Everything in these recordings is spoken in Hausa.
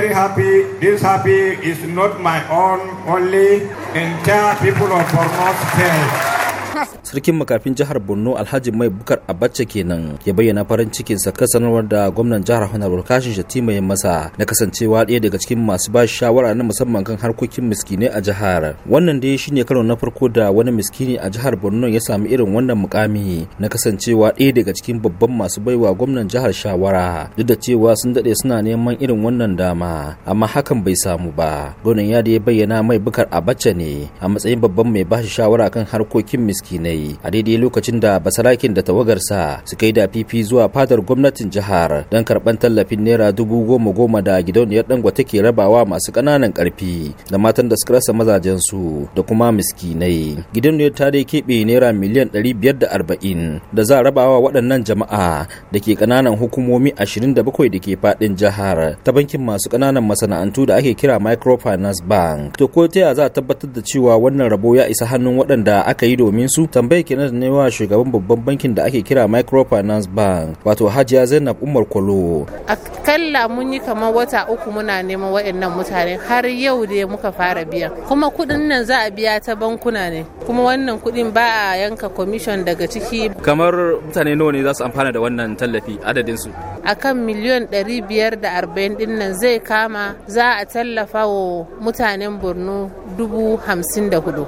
very happy. This happy is not my own only entire people of Borno say. sarkin makafin jihar borno alhaji mai bukar abacha kenan ya bayyana farin cikin sa kan sanarwar da gwamnan jihar honorable kashin shatima ya masa na kasancewa ɗaya daga cikin masu ba shawara na musamman kan harkokin miskinai a jihar wannan dai shine karo na farko da wani miskini a jihar borno ya samu irin wannan mukami na kasancewa ɗaya daga cikin babban masu baiwa gwamnan jihar shawara duk da cewa sun daɗe suna neman irin wannan dama amma hakan bai samu ba gwamnan ya da ya bayyana mai bukar abacha ne a matsayin babban mai ba shawara kan harkokin miskinai a daidai lokacin da basarakin da tawagarsa suka yi da fifi zuwa fadar gwamnatin jihar don karɓar tallafin naira dubu goma goma da gidauniyar dangwata ke rabawa masu kananan ƙarfi da matan da suka rasa mazajen su da kuma miskinai gidauniyar ta dai keɓe naira miliyan ɗari biyar da arba'in da za a rabawa waɗannan jama'a da ke ƙananan hukumomi ashirin da bakwai da ke faɗin jihar ta bankin masu ƙananan masana'antu da ake kira microfinance bank to ko ta za a tabbatar da cewa wannan rabo ya isa hannun waɗanda aka yi domin domin su tambaya kenan ne wa shugaban babban bankin da ake kira microfinance bank wato hajiya zainab umar kwalo kalla mun yi kamar wata uku muna neman waɗannan mutane har yau da muka fara biyan. kuma kuɗin nan za a biya ta bankuna ne kuma wannan kuɗin ba a yanka commission daga ciki kamar mutane nawa ne za su amfana da wannan tallafi adadin su akan miliyon 540 din nan zai kama za a tallafa wa mutanen borno dubu hamsin da hudu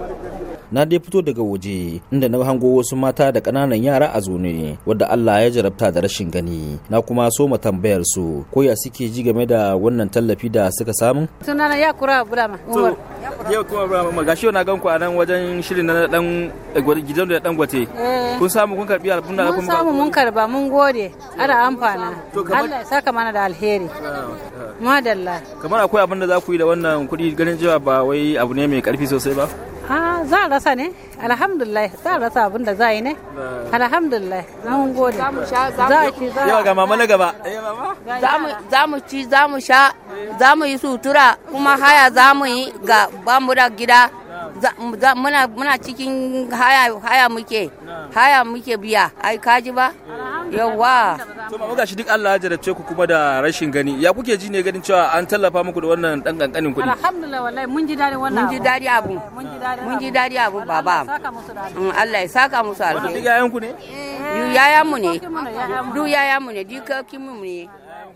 na dai fito daga waje inda na hango wasu mata da ƙananan yara a zone wadda Allah ya jarabta da rashin gani na kuma so mu tambayar su ko ya suke ji game da wannan tallafi da suka samu sunana ya kura bulama umar yau kuma bulama gashi na gan ku a nan wajen shirin na dan eh, gidan da dan gwate eh. kun samu kun karbi albun da kun samu mun karba mun gode ana amfana Allah ya saka mana da alheri ah, ah. madalla kamar akwai abin da za ku yi da wannan kuɗi ganin cewa ba wai abu ne mai karfi sosai ba ha za a rasa ne alhamdulillah za a rasa abin da za yi ne alhamdulillah mun gode za ki za yawa ga mama na gaba eh, za mu ci za mu sha za mu yi sutura kuma haya za mu yi ga bamu da gida muna cikin haya muke haya muke biya ai kaji ba eh. yawa to ma gashi duk Allah ya jarabce ku kuma da rashin gani ya kuke ji ne ganin cewa an tallafa muku da wannan dan kankanin kuɗi alhamdulillah wallahi mun ji dadi wannan mun ji dadi abu mun ji dadi abu baba mm, Allah ya saka musu alheri wannan duk yayan ku ne yayan mu ne duk yayan mu ne duk kin mu ne